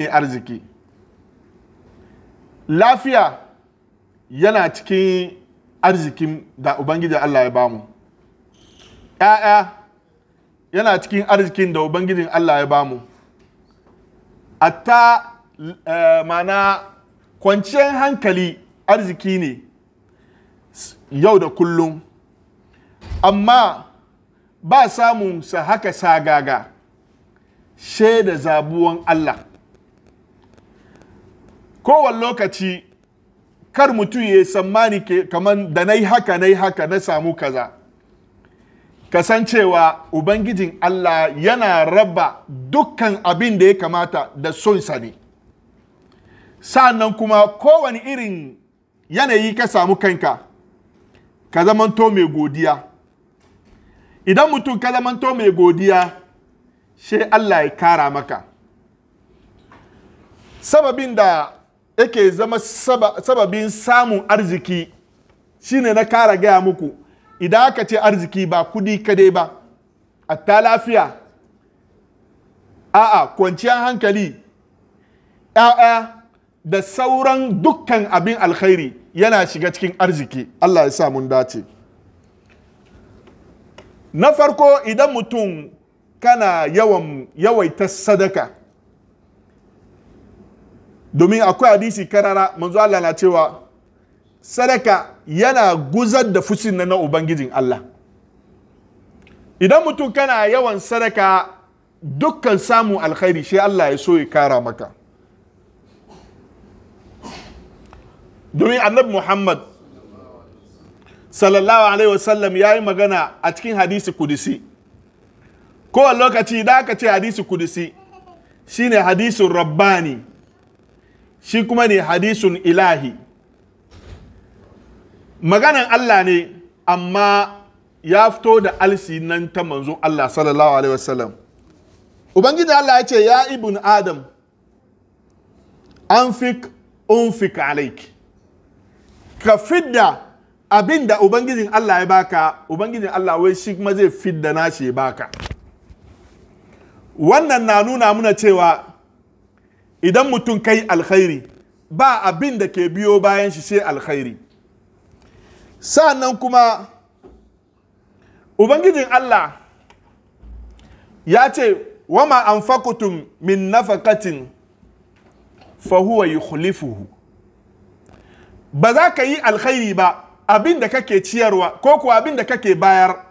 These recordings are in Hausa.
ne arziki lafiya yana cikin arzikin da ubangiji Allah ya bamu ‘ya'ya yana cikin arzikin da ubangijin Allah ya bamu atta eh, mana kwanciyar hankali arziki ne yau da kullum amma ba samun sa haka sagaga da zabuwan Allah kowane lokaci kar mutum ya tsammani kamar da na yi haka na yi haka na samu kaza kasancewa ubangijin Allah yana raba dukkan abin da ya kamata da sonsa ne sannan kuma kowane irin yanayi ka samu kanka ka zamanto mai godiya idan mutum ka zamanto mai godiya sai Allah ya kara maka sababin da yake zama sababin samun arziki shine na kara gaya muku idan aka ce arziki ba kudi kadai ba a ta lafiya a'a kwanciyar hankali ‘ya'ya da sauran dukkan abin alkhairi yana shiga cikin arziki Allah ya sa mun dace na farko idan mutum kana yawan yawaita sadaka domin akwai hadisi karara manzo Allah na cewa sadaka yana guzar da fusin na ubangijin Allah idan mutum kana yawan sadaka dukkan samun alkhairi shi Allah ya so ya kara maka domin annabi Muhammad sallallahu alaihi wasallam ya yi magana a cikin hadisi kudisi kowane lokaci da aka ce hadisi kudisi shine hadisin rabbani shi kuma ne hadisun ilahi maganan Allah ne amma ya fito da alsi nan ta manzon Allah sallallahu alaihi wasallam ubangiji Allah ya ce ya ibn adam anfik unfik alaik ka fidda abin da ubangijin Allah ya baka ubangijin Allah wai shi kuma zai fidda nashi ya baka wannan na nuna muna cewa idan mutum kai alkhairi ba abin da ke biyo bayan shi sai alkhairi sa'annan kuma ubangijin Allah ya ce wama anfaqtum min nafaqatin fahuwa yi yukhlifuhu ba za ka yi alkhairi ba abin da kake ciyarwa ko kuwa abin da kake bayar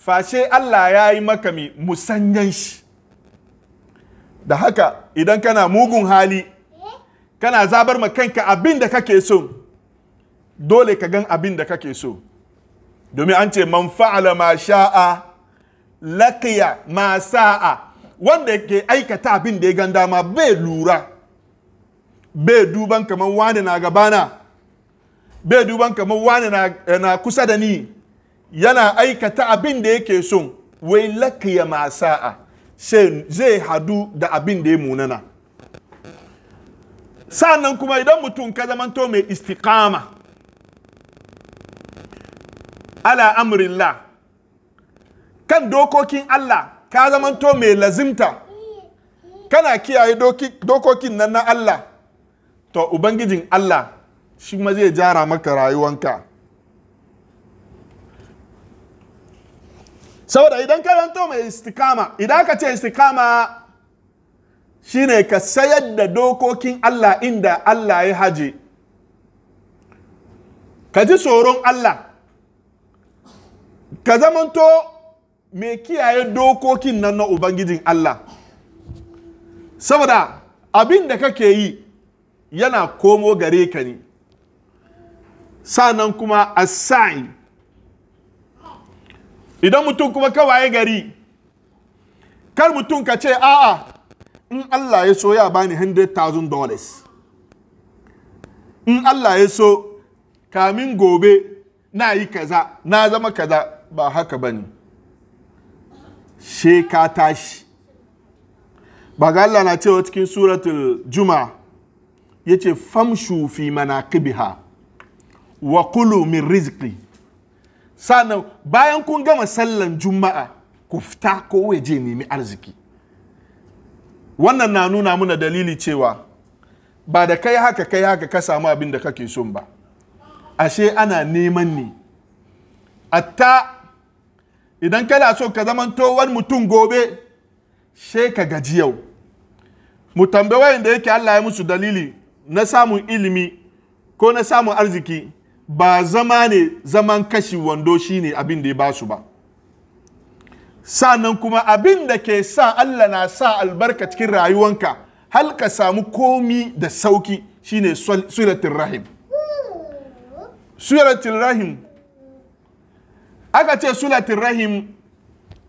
fashe Allah ya yi maka musanyan shi da haka idan kana mugun hali kana zabar ma kanka abin da kake so dole ka gan abin da kake so domin an ce man fa'ala ma sha'a laqiya ma sa'a wanda ke aikata abin da ya gan dama bai lura bai duban kamar wani na gabana bai duban kamar wani eh, na kusa da ni yana aikata abin da yake so wai laqiya ma sa'a sai zai hadu da abin da ya munana sannan kuma idan mutum ka zamanto mai istikama ala amrillah kan dokokin Allah ka zamanto mai lazimta kana kiyaye dokokin nan na Allah to ubangijin Allah shi ma zai jara maka rayuwanka saboda idan ka zanto mai istikama idan ka ce istikama shine ka sayar da dokokin Allah inda Allah ya haje ka ji tsoron Allah ka zamanto mai kiyaye dokokin nan na Ubangijin Allah saboda abin da kake yi yana komo gare ka ne sanan kuma asai idan mutum kuma kawaye gari kar mutum ka ce a'a in Allah ya so ya bani 100,000 dollars in Allah ya so kamin gobe na yi kaza na zama kaza ba haka ba ne ka tashi ba ga Allah na cewa cikin suratul juma ya ce famshu fi manaqibiha wa kulu min rizqi sannan bayan kun gama sallan juma'a ku fita ko je nemi arziki wannan na nuna muna dalili cewa ba da kai haka kai haka ka samu abin da kake son ba ashe ana neman ne atta idan kana so ka zama towar mutum gobe she ka gaji yau mu tambayi da yake Allah ya musu dalili na samun ilimi ko na samun arziki ba zama ne zaman kashi wando shine abin da ya ba su ba sannan kuma abin da ke sa Allah na sa albarka cikin rayuwanka hal ka samu komi da sauki shine suratun rahim suratun rahim aka ce suratun rahim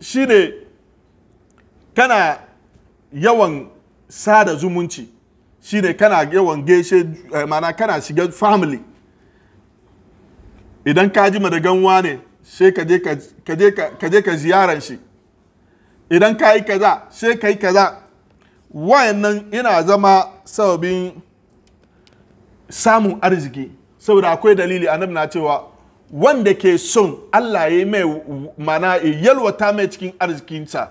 shi ne kana yawan sada zumunci shi ne kana yawan geshe eh, mana kana shiga family idan ka ji ganwa ne. sai ka je ka ziyaran shi idan ka yi kaza sai ka yi kaza wayannan ina zama sababin samun arziki saboda akwai dalili annabi na cewa wanda ke son Allah ya mai mana yalwata mai cikin arzikinsa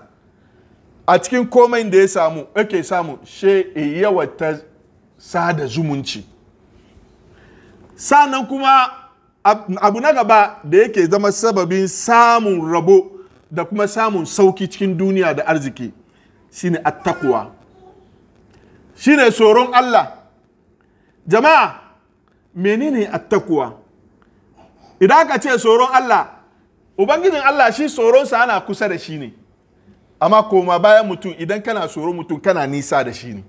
a cikin komai da ya samu ake samu she yawata sada zumunci sannan kuma abu na gaba da yake zama sababin samun rabo da kuma samun sauki cikin duniya da arziki shine attakuwa shine tsoron Allah jama'a menene attakuwa idan ka ce tsoron Allah ubangijin Allah shi tsoronsa ana kusa da shi ne amma koma bayan mutum idan kana tsoron mutum kana nisa da shi ne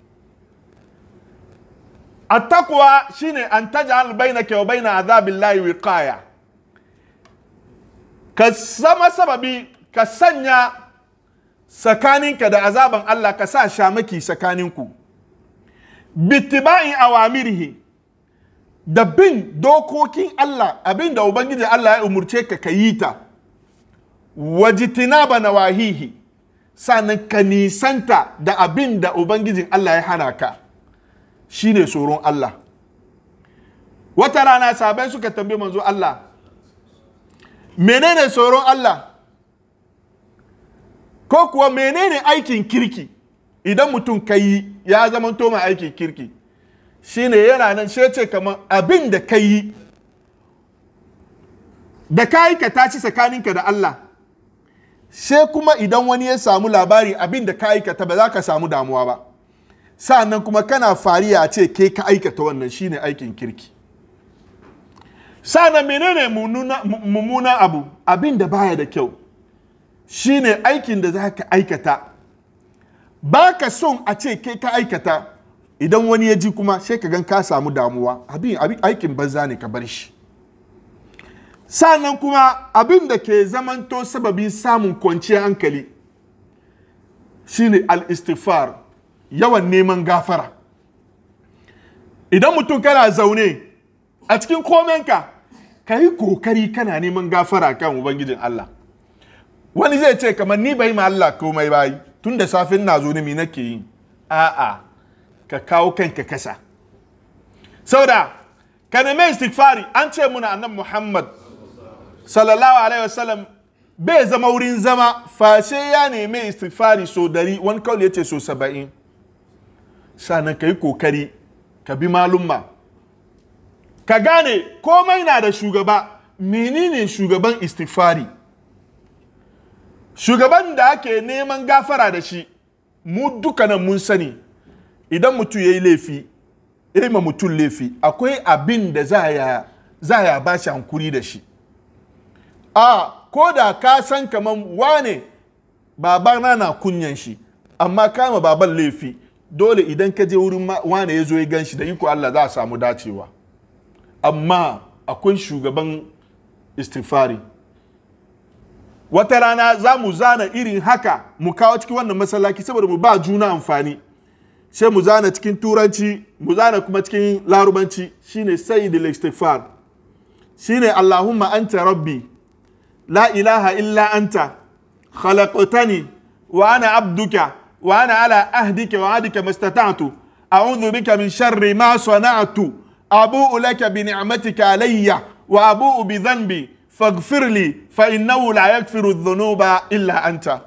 attaqwa shine an taj'al bainaka wa baina azabillahi wiqaya ka zama sababi ka sanya tsakaninka da azaban Allah ka sa shamaki tsakaninku bittiba'in awamirihi da bin dokokin Allah abin da ubangiji Allah ya umurce ka ka yi ta wajitinaba wahihi. sannan ka nisanta da abin da ubangijin Allah ya hana ka Shi ne tsoron Allah wata rana sabai suka tambayi manzo Allah menene tsoron Allah ko kuwa menene aikin kirki idan mutum ka yi ya zama mai aikin kirki ne yana nan shi ce kamar abin da ka yi da ka yi ka tashi tsakaninka da Allah sai kuma idan wani ya samu labari abin da ka ta ba za ka samu damuwa ba sa'annan kuma kana fariya a ce ke ka aikata wannan shine aikin kirki sa'annan menene mummuna abu abin da baya da kyau shine aikin da za ka aikata ba ka son a ce ke ka aikata idan wani ya ji kuma sai ka gan ka samu damuwa abin aikin banza ne ka bar shi sa'annan kuma abin da ke zamanto sababin samun kwanciyar hankali shine al-istighfar yawan neman gafara idan mutum kana zaune a cikin komenka ka yi kokari kana neman gafara kan ubangijin Allah wani zai ce kamar ni bai ma Allah komai bai tun da safin na zo ne nake yi a'a ka kawo kanka kasa sauda ka neme istighfari an ce muna annabi Muhammad sallallahu alaihi wasallam bai zama wurin zama fashe ya neme istighfari so dari wani kawai ya ce so saba'in sannan ka yi kokari ka bi malumma ka gane komai na da shugaba menene shugaban istifari shugaban da ake neman gafara da shi mu dukkanin mun sani idan mutum ya yi laifi ya yi ma mutum laifi akwai abin da za ya ba shi hankuri da shi a ko da ka san kaman wane babana na kunyan shi amma kama baban laifi dole idan ka je wurin wane ya zo ya gan shi da iko Allah za a samu dacewa amma akwai shugaban istifari wata rana za mu zana irin haka mu kawo cikin wannan masallaci saboda mu ba juna amfani sai mu zana cikin turanci mu zana kuma cikin larubanci shine sayyidul istikfar shine allahumma anta rabbi la ilaha illa anta khalaqtani wa ana abduka وانا على عهدك وعدك ما استطعت اعوذ بك من شر ما صنعت ابوء لك بنعمتك علي وابوء بذنبي فاغفر لي فانه لا يغفر الذنوب الا انت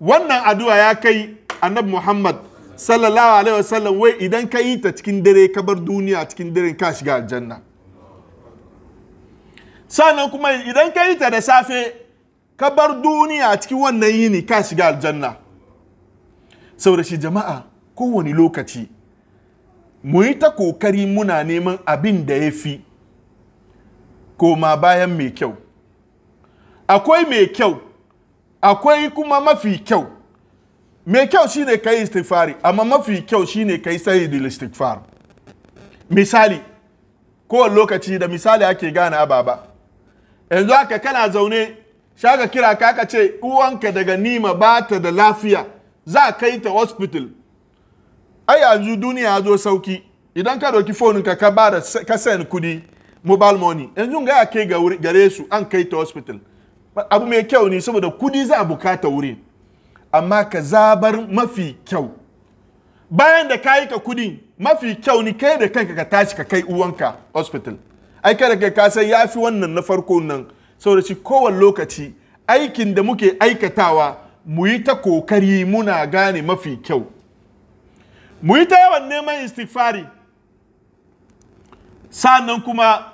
وانا ادعو يا كي النبي محمد صلى الله عليه وسلم وي اذا كيت تكن دري كبر دنيا تكن دري كاش جا الجنه sannan kuma idan ka yi ta da safe ka bar duniya sau da shi jama'a kowane lokaci mu yi ta kokari muna neman abin da ya fi koma bayan mai kyau akwai mai kyau akwai kuma mafi kyau mai kyau shine kai istighfari amma mafi kyau shine kai da istighfar misali kowane lokaci da misali ake gane ababa yanzu haka kana zaune shaka kira ka ce uwanka daga nima ba ta da lafiya za kai ta hospital ai yanzu duniya ya zo sauki idan ka ɗauki foninka ka ba da kasan kudi mobile money yanzu ga ya kai gare su an kai ta hospital abu mai kyau ne saboda kudi za a bukata wuri amma ka zabar mafi kyau bayan da ka yi ka kudi mafi kyau ne kai da kanka ka tashi ka kai uwanka hospital ai kada kai ka san yafi wannan na farko nan saboda shi kowane lokaci aikin da muke aikatawa mu yi ta kokari muna gane mafi kyau mu yi ta yawan neman istighfari sannan kuma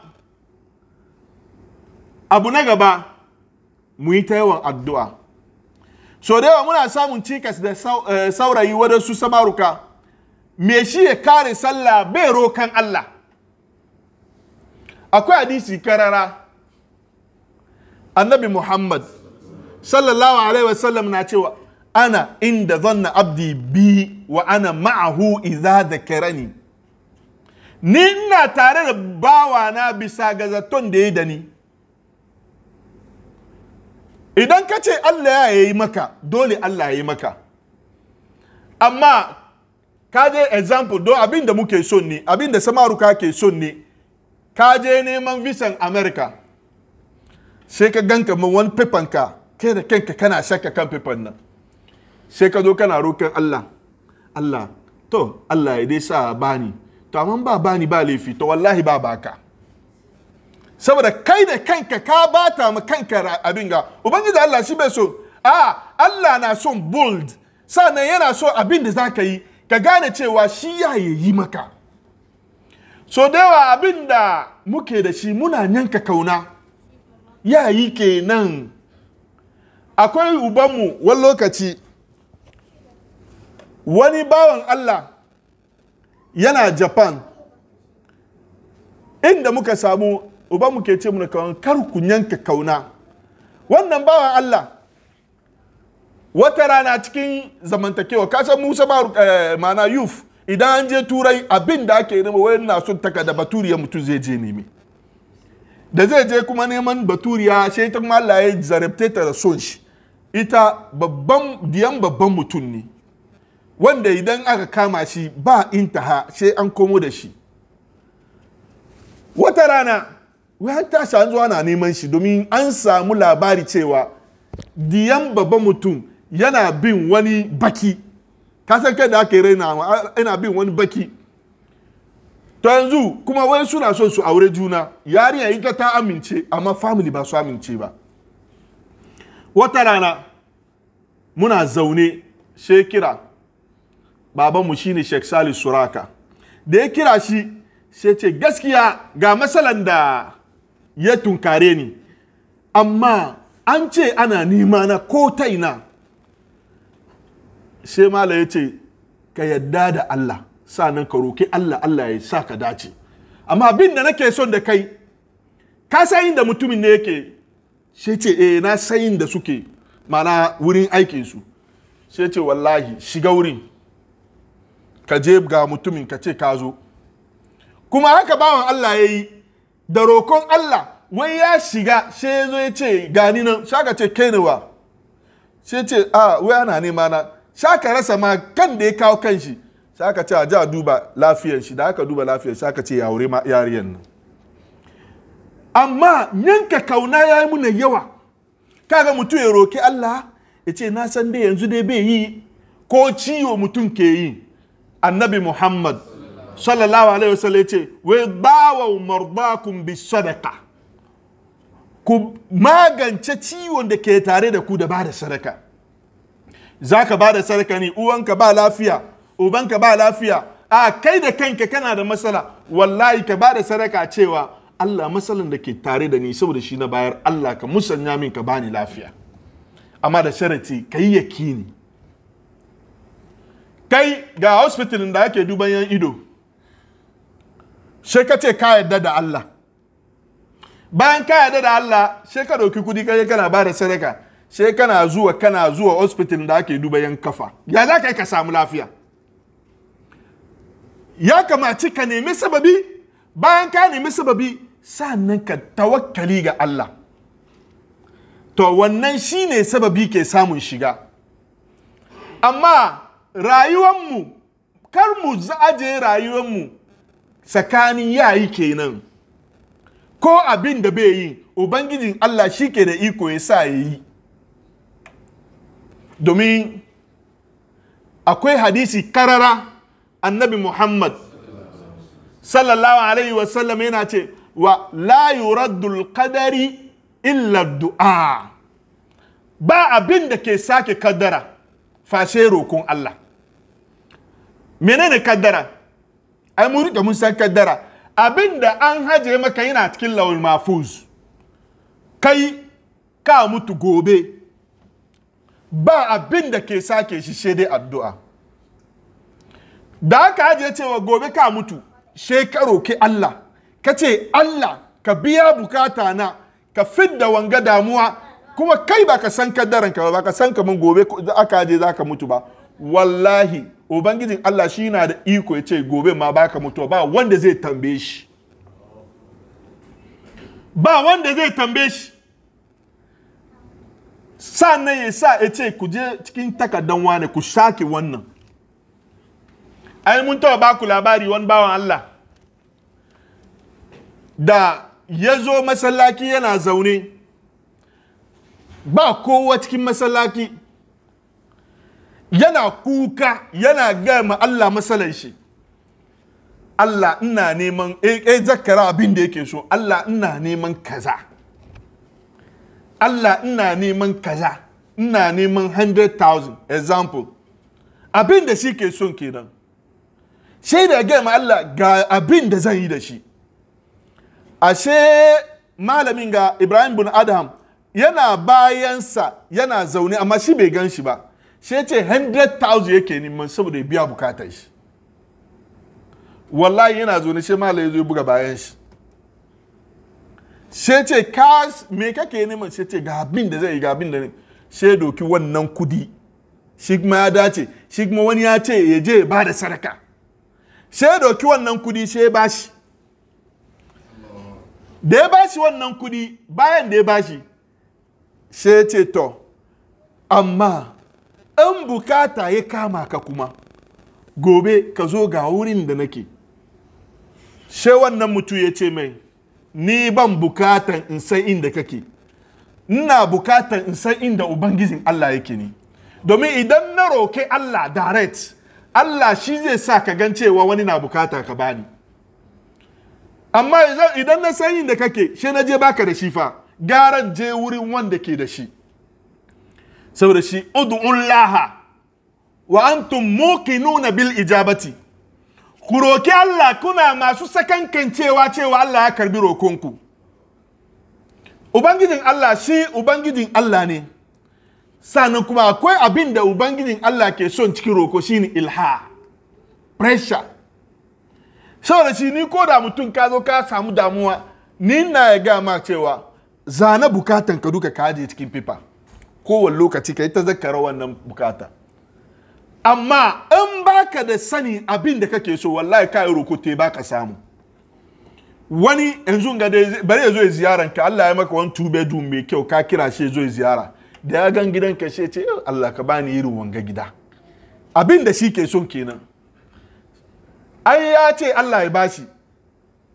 abu na gaba mu yi ta yawan addu'a so da yawa muna samun cikas da eh, saurayi wadansu samaruka me shi ya kare sallah bai rokan Allah akwai hadisi karara annabi Muhammad sallallahu alaihi wasallam na cewa ana inda zanna abdi bi wa ana ma'ahu idza dhakarani ni ina tare da bawa na bisa ga zaton da ya dani idan ka ce Allah ya yi maka dole Allah ya yi maka amma ka je example don abin da muke son ne abin da ka ke son ne ka je neman visan america sai ka ganka ma wani pepanka kai da kanka kana saka kan fifan nan sai ka zo kana roƙon Allah Allah to Allah ya dai sa bani to amma ba bani ba laifi to wallahi ba baka saboda kai da kanka ka bata ma kanka abin ga ubangiji Allah shi bai so a Allah na son bold sannan yana so abin da zaka yi ka gane cewa shi ya yi maka so da yawa abin da muke da shi muna yanka kauna yayi kenan akwai ubanmu wani lokaci wani bawan Allah yana Japan inda muka samu ubanmu ke ce muna kawai kar ku yanka kauna wannan bawan Allah wata rana cikin zamantakewa kasan musa ba eh, mana yuf idan an je turai abin da ake nema wani na sun taka da baturiya mutum zai je nemi da zai je kuma neman baturiya sai ta kuma ta da son shi ita babban diyan babban mutum ne wanda idan aka kama shi ba intaha sai an komo da shi wata rana wayan tashi an zuwa na neman shi domin an samu labari cewa diyan babban mutum yana bin wani baki ka san kai da ake raina yana bin wani baki to yanzu kuma wai suna son su aure juna yariya ita ta amince amma family ba su amince ba wata rana muna zaune sai kira babanmu shine shek Salih Suraka da ya kira shi sai ce gaskiya ga matsalan da ya tunkare ni amma an ce ana nima na ko taina sai mala ya ce ka yadda da Allah nan ka roki Allah Allah ya sa ka dace amma abin da nake son da kai ka san inda mutumin ne yake shi ce eh na sayin da suke mana wurin aikinsu shi ce wallahi shiga wurin ka je ga mutumin ka ce ka zo kuma haka bawan Allah ya yi da rokon Allah wai ya shiga shi ya zo ya ce gani nan shaka ce kenewa shi ce a wai ana nema na shaka rasa ma kan da ya kawo kanshi. shi shaka ce a ja duba lafiyar da aka duba lafiyar shaka ce ya wuri yariyan nan amma yanka kauna ya yi muna yawa kaga mutum ya roki Allah ya ce na san dai yanzu dai bai yi ko ciwo mutum ke yi annabi muhammad sallallahu alaihi wasallam ya ce wai bawa mardakum bi sadaka ku magance ciwon da ke tare da ku da ba da sadaka za ka ba sadaka ne uwanka ba lafiya ubanka ba lafiya a kai da kanka kana da matsala wallahi ka bada sadaka cewa Allah matsalan da ke tare da ni saboda shi na bayar Allah ka musanya min ka bani lafiya amma da sharati ka yi yakini kai ga hospitalin da ake duban yan ido sai ka ce ka yadda da Allah bayan ka yadda da Allah sai ka ɗauki kudi kai kana ba da sadaka sai kana zuwa kana zuwa hospitalin da ake duban yan kafa ya za ka yi ka samu lafiya ya kamaci ka nemi sababi bayan ka nemi sababi sannan ka tawakkali ga Allah to wannan shi ne sababi ke samun shiga amma rayuwanmu kar mu aje rayuwanmu tsakanin yayi kenan ko abin da bai yi ubangijin Allah shi ke da iko ya sa ya yi domin akwai hadisi karara annabi muhammad sallallahu alaihi wasallam yana ce wa la yuraddul illa du'a ba abin da ke sake kaddara fashe rokon Allah menene kadara ai mun rike mun san kaddara abin da an haje maka yana cikin lawul mafuz kai ka mutu gobe ba abin da ke sake shi sai dai addu'a da aka haje cewa gobe ka mutu shekaro ke Allah ka ce Allah ka biya bukata na ka fidda wanga damuwa kuma kai ba ka san kaddaran ka ba ka san kamun gobe aka je za ka mutu ba wallahi ubangijin Allah shi na da iko ya ce gobe ma ba ka mutu ba wanda zai tambaye shi ba wanda zai tambaye shi sannan ya sa ya ce ku je cikin takardan wane ku sake wannan ai mun taba ba ku labari wani bawan Allah da ya zo masallaci yana zaune ba kowa cikin masallaci yana kuka yana gama Allah masalan shi Allah ina neman eh, eh zakara abin da yake so Allah ina neman kaza Allah ina neman kaza ina neman 100,000 example abin da shi ke son kenan sai da gama Allah ga abin da zan yi da shi ashe malamin ga ibrahim bin adam yana bayansa yana zaune amma shi bai gan shi ba shi ce 100,000 yake neman saboda ya biya bukatar shi wallahi yana zaune shi malam ya zo buga bayan shi shi ce ka me kake neman shi ce ga abin da zai yi ga da ne shi doki wannan kudi shi kuma ya dace shi kuma wani ya ce ya je ba da sadaka shi doki wannan kudi shi ba shi da ya bashi wannan kudi bayan da ya bashi sai ya ce to amma in bukata ya kama ka kuma gobe ka zo ga wurin da nake sai wannan mutu ya ce mai ni ban bukatan in san inda kake ina bukatan in san inda ubangijin Allah yake ne domin idan na roke Allah direct Allah shi zai sa ka gan cewa wani na bukata ka bani amma idan na sanyin da kake shi na je baka da shi fa garan je wurin wanda ke da shi saboda shi ud'un laha wa antum nuna bil ijabati ku roki Allah kuna masu sakankan cewa cewa Allah ya karbi rokonku ubangijin Allah shi ubangijin Allah ne sannan kuma akwai abin da ubangijin Allah ke son cikin roko shine ilha pressure saboda shi ni ko da mutum ka zo ka samu damuwa ni na ya ga ma cewa zana bukatan ka duka kaje cikin fifa kowane lokaci ka yi ta zakara wannan bukata amma in baka da sani abin da kake so wallahi ka yi roko te baka samu wani yanzu ga da bari ya zo ya ziyaran ka Allah ya maka wani two bedroom mai kyau ka kira shi zo ziyara da ya gan gidan ka shi ce eh, Allah ka bani irin wanga gida abin da shi ke son kenan ai ya ce Allah ya bashi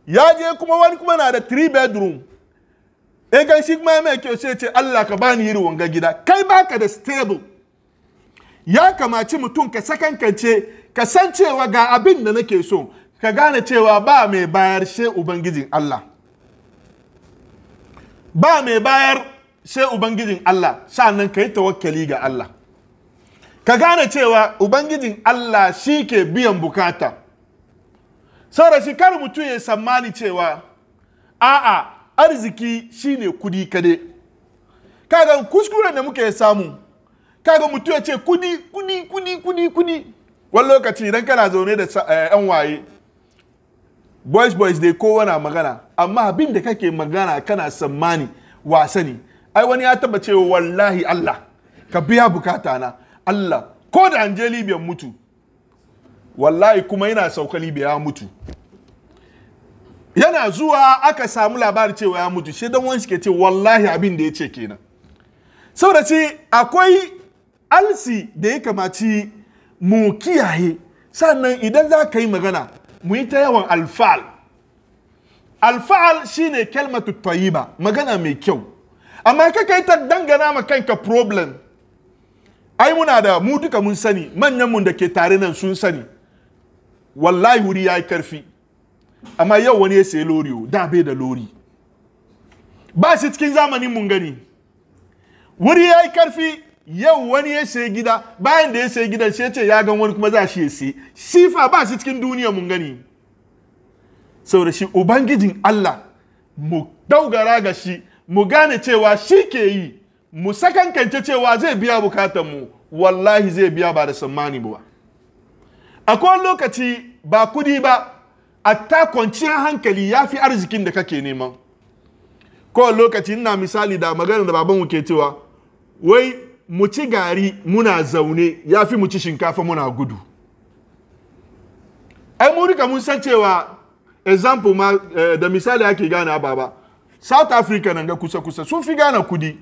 ya je kuma wani kuma na da 3 bedroom in kan shi kuma mai kyau sai ce Allah ka bani irin wanga gida kai baka da stable ya kamaci mutum ka sakankance ka san cewa ga abin da nake so ka gane cewa ba mai bayar she ubangijin Allah ba mai bayar ubangijin Allah sa'annan ka yi tawakkali ga Allah ka gane cewa ubangijin Allah shi ke biyan bukata saboda shi kar mutu ya sammani cewa a'a arziki shine kudi kade kaga kuskuren da muke samu kaga mutu ya ce kudi kudi kudi kudi kudi wani lokaci idan kana zaune da eh, yan waye boys boys dai kowa magana amma abin da kake magana kana sammani wasanni ai wani ya taba cewa wallahi Allah ka biya bukata na Allah ko da an je Libyan mutu wallahi kuma yana sauka libya ya mutu yana zuwa aka samu labari cewa ya mutu shi don wani ke ce wallahi abin da ya ce kenan saboda ce akwai alsi da ya kamaci mu kiyaye sannan idan za ka yi magana mu yi ta yawan alfa'al alfa'al shi shine kalmatu tayyiba magana mai kyau amma kaka yi ta dangana ma kanka problem ai muna da mu duka mun sani manyan da ke tare nan sun sani wallahi wuri ya yi karfi amma yau wani ya sayi lori da bai da lori ba shi cikin zamanin mun gani wuri ya yi karfi yau wani ya sayi gida bayan da ya sayi gidan sai ce ya gan wani kuma za shi ya sayi sifa ba shi cikin duniya mun gani saboda shi ubangijin Allah mu daugara ga shi mu gane cewa shi ke yi mu sakankance cewa zai biya mu, wallahi zai biya ba da sammani ba a akwai lokaci ba kudi ba a ta kwanciyar hankali ya fi arzikin da kake nema kowane lokaci ina misali da magana da babanmu ke cewa wai mu ci gari muna zaune ya fi mu ci shinkafa muna gudu ai mu rika mun san cewa example ma eh, da misali ake gana baba south africa na ga kusa-kusa sun fi gana kudi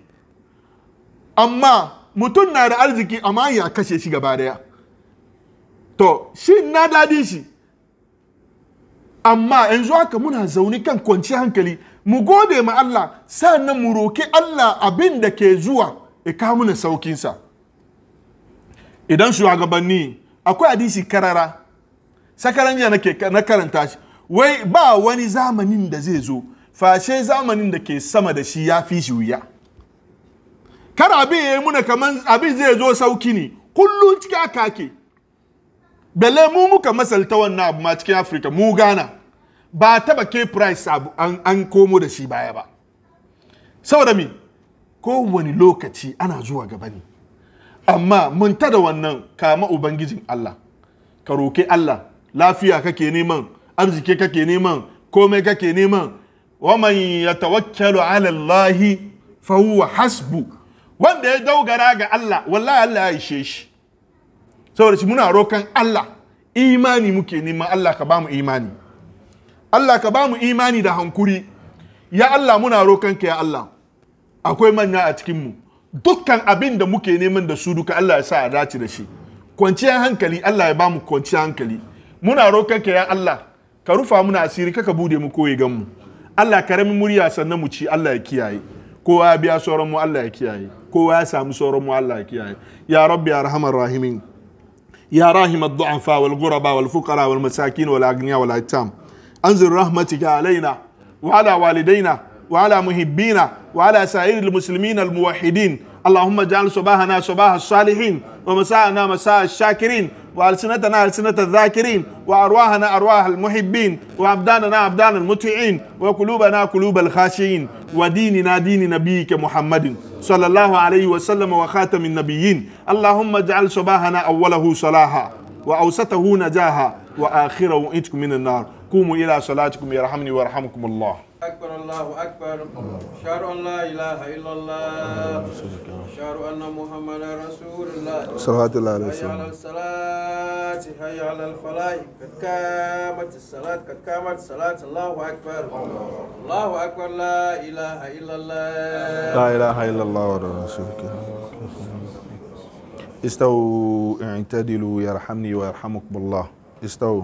amma mutum na da arziki amma ya kashe shi gaba daya to shi na dadi shi amma yanzu haka muna zaune kan kwanci hankali mu gode ma Allah sannan mu roki Allah abin da ke zuwa ya kawo mana saukinsa idan shugabanni akwai hadisi karara sakaran jiya na karanta shi wai ba wani zamanin da zai zo fashe zamanin da ke sama da shi ya fi shi wuya kar abin ya yi muna kamar abin zai zo sauki ne kullum cikin aka ke bele mu muka masalta wannan abu ma cikin afirka mu gana ba taba ke price abu an komo da shi baya ba saboda mi kowane lokaci ana zuwa gaba ne amma mun da wannan kama ubangijin Allah ka roke Allah lafiya kake neman arziki kake neman komai kake neman wa man yatawakkalu ala Allah fa huwa hasbu wanda ya dogara ga Allah wallahi Allah ya ishe shi saboda shi muna rokan Allah imani muke neman Allah ka ba mu imani Allah ka ba mu imani da hankuri ya Allah muna rokan ka ya Allah akwai manya a cikin mu dukkan abin da muke neman da su duka Allah ya sa a dace da shi kwanciyar hankali Allah ya ba mu kwanciyar hankali muna rokan ka ya Allah ka rufa muna asiri kaka bude mu koyi gan mu Allah karami murya sannan mu ci Allah ya kiyaye kowa ya biya sauran mu Allah ya kiyaye kowa ya samu sauran mu Allah ya kiyaye ya rabbi arhamar rahimin يا راهم الضعفاء والغرباء والفقراء والمساكين والأغنياء والأيتام أنزل رحمتك علينا وعلى والدينا وعلى محبينا وعلى سائر المسلمين الموحدين اللهم اجعل صباحنا صباح الصالحين ومساءنا مساء الشاكرين وألسنتنا ألسنة الذاكرين وأرواحنا أرواح المحبين وأبداننا أبدان المطيعين وقلوبنا قلوب الخاشعين وديننا دين نبيك محمد صلى الله عليه وسلم وخاتم النبيين اللهم اجعل صباحنا أوله صلاحا وأوسطه نجاها وآخره إتكم من النار قوموا إلى صلاتكم يرحمني ويرحمكم الله أكبر الله أكبر أشهد أن لا إله إلا الله أشهد أن محمد رسول الله صلى الله عليه وسلم حي على الصلاة هيا على الفلاح قد قامت الصلاة قد قامت الصلاة الله أكبر الله أكبر لا إله إلا الله لا إله إلا الله ورسولك استو اعتدلوا يرحمني ويرحمكم الله استو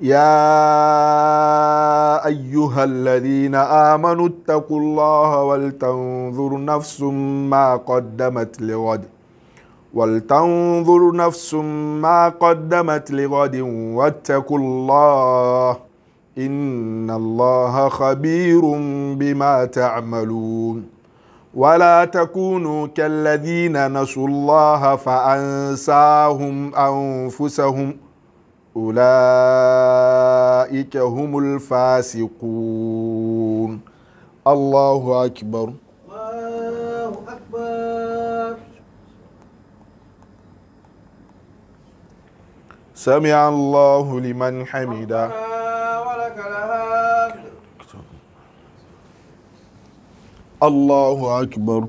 يا أيها الذين آمنوا اتقوا الله ولتنظر نفس ما قدمت لغد ولتنظر نفس ما قدمت لغد واتقوا الله إن الله خبير بما تعملون ولا تكونوا كالذين نسوا الله فأنساهم أنفسهم ۖ أولئك هم الفاسقون الله أكبر الله أكبر سمع الله لمن حمده ولك الحمد الله أكبر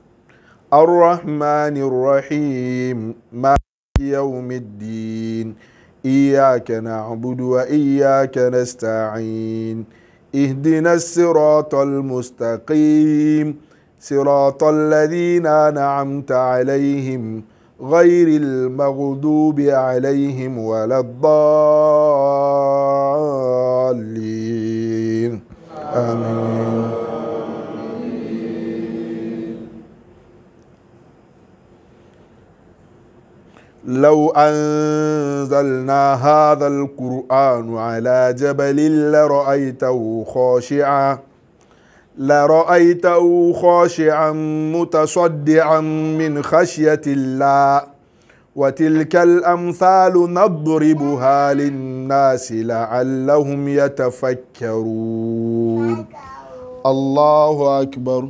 الرحمن الرحيم ما يوم الدين إياك نعبد وإياك نستعين اهدنا الصراط المستقيم صراط الذين أنعمت عليهم غير المغضوب عليهم ولا الضالين آمين لو أنزلنا هذا القرآن على جبل لرأيته خاشعا لرأيته خاشعا متصدعا من خشية الله وتلك الأمثال نضربها للناس لعلهم يتفكرون الله أكبر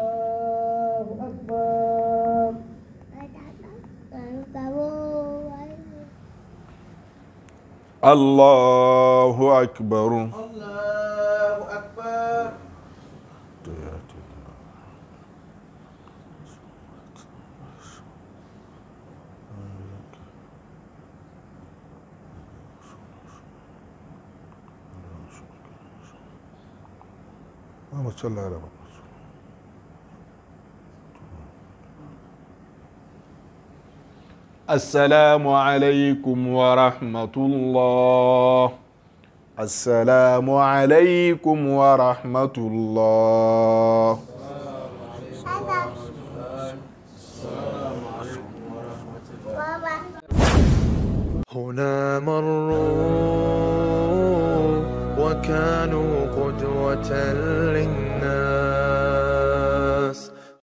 الله أكبر الله أكبر اللهم صل على محمد السلام عليكم ورحمة الله السلام عليكم ورحمة الله هنا مروا وكانوا قدوة لي